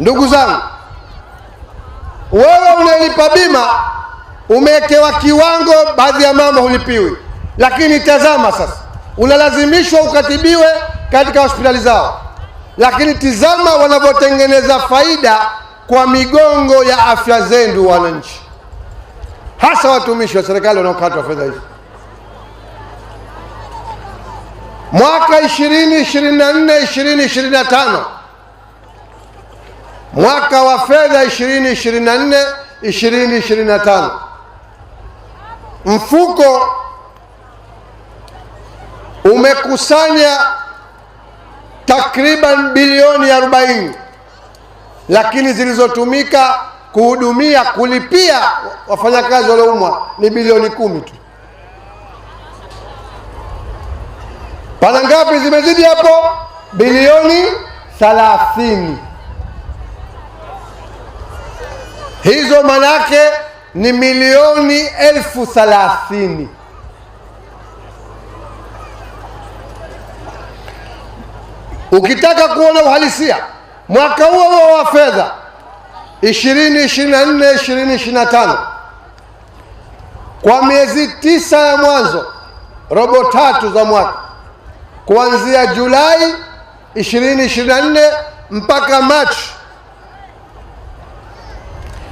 Ndugu zangu, wewe unalipa bima, umewekewa kiwango, baadhi ya mama hulipiwi. Lakini tazama sasa, unalazimishwa ukatibiwe katika hospitali zao, lakini tizama wanavyotengeneza faida kwa migongo ya afya zenu, wananchi, hasa watumishi wa serikali wanaokatwa fedha hizi. Mwaka 2024 2025 mwaka wa fedha 2024 2025 mfuko umekusanya takriban bilioni 40, lakini zilizotumika kuhudumia kulipia wafanyakazi walioumwa ni bilioni kumi tu. Pana ngapi zimezidi hapo? Bilioni 30. hizo manake ni milioni elfu thalathini. Ukitaka kuona uhalisia mwaka huo huo wa fedha 2425 kwa miezi tisa ya mwanzo, robo tatu za mwaka, kuanzia Julai 2024 mpaka Machi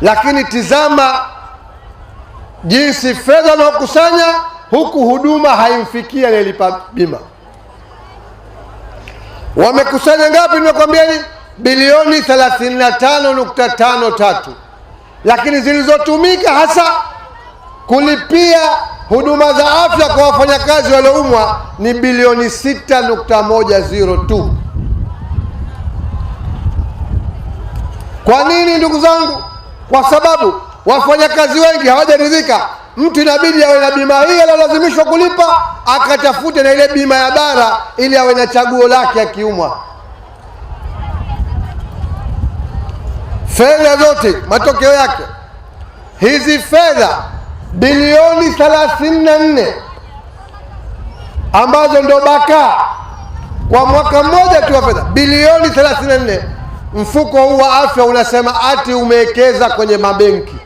Lakini tizama jinsi fedha anaokusanya huku huduma haimfikia anayelipa bima. Wamekusanya ngapi? Nimekwambiani bilioni 35.53, lakini zilizotumika hasa kulipia huduma za afya kwa wafanyakazi walioumwa ni bilioni 6.102. Kwa nini ndugu zangu? kwa sababu wafanyakazi wengi hawajaridhika. Mtu inabidi awe na bima hii alilazimishwa kulipa, akatafute na ile bima ya bara, ili awe na chaguo lake akiumwa. Fedha zote matokeo yake hizi fedha bilioni 34 ambazo ndo bakaa kwa mwaka mmoja tu wa fedha bilioni 34 Mfuko huu wa afya unasema ati umewekeza kwenye mabenki,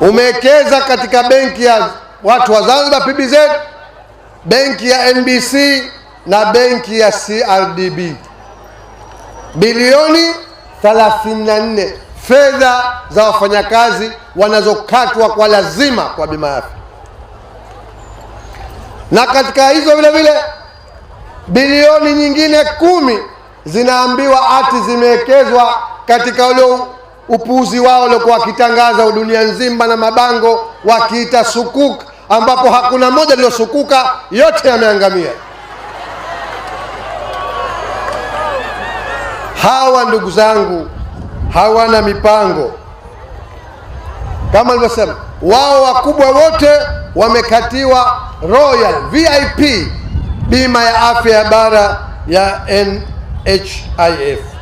umewekeza katika benki ya watu wa Zanzibar PBZ, benki ya NBC na benki ya CRDB bilioni 34 fedha za wafanyakazi wanazokatwa kwa lazima kwa bima ya afya, na katika hizo vile vile bilioni nyingine kumi zinaambiwa ati zimewekezwa katika ule upuuzi wao waliokuwa wakitangaza dunia nzima na mabango wakiita sukuk, ambapo hakuna moja aliyosukuka yote yameangamia. Hawa ndugu zangu hawana mipango kama alivyosema wao wakubwa wote wamekatiwa royal vip bima ya afya ya bara ya N HIF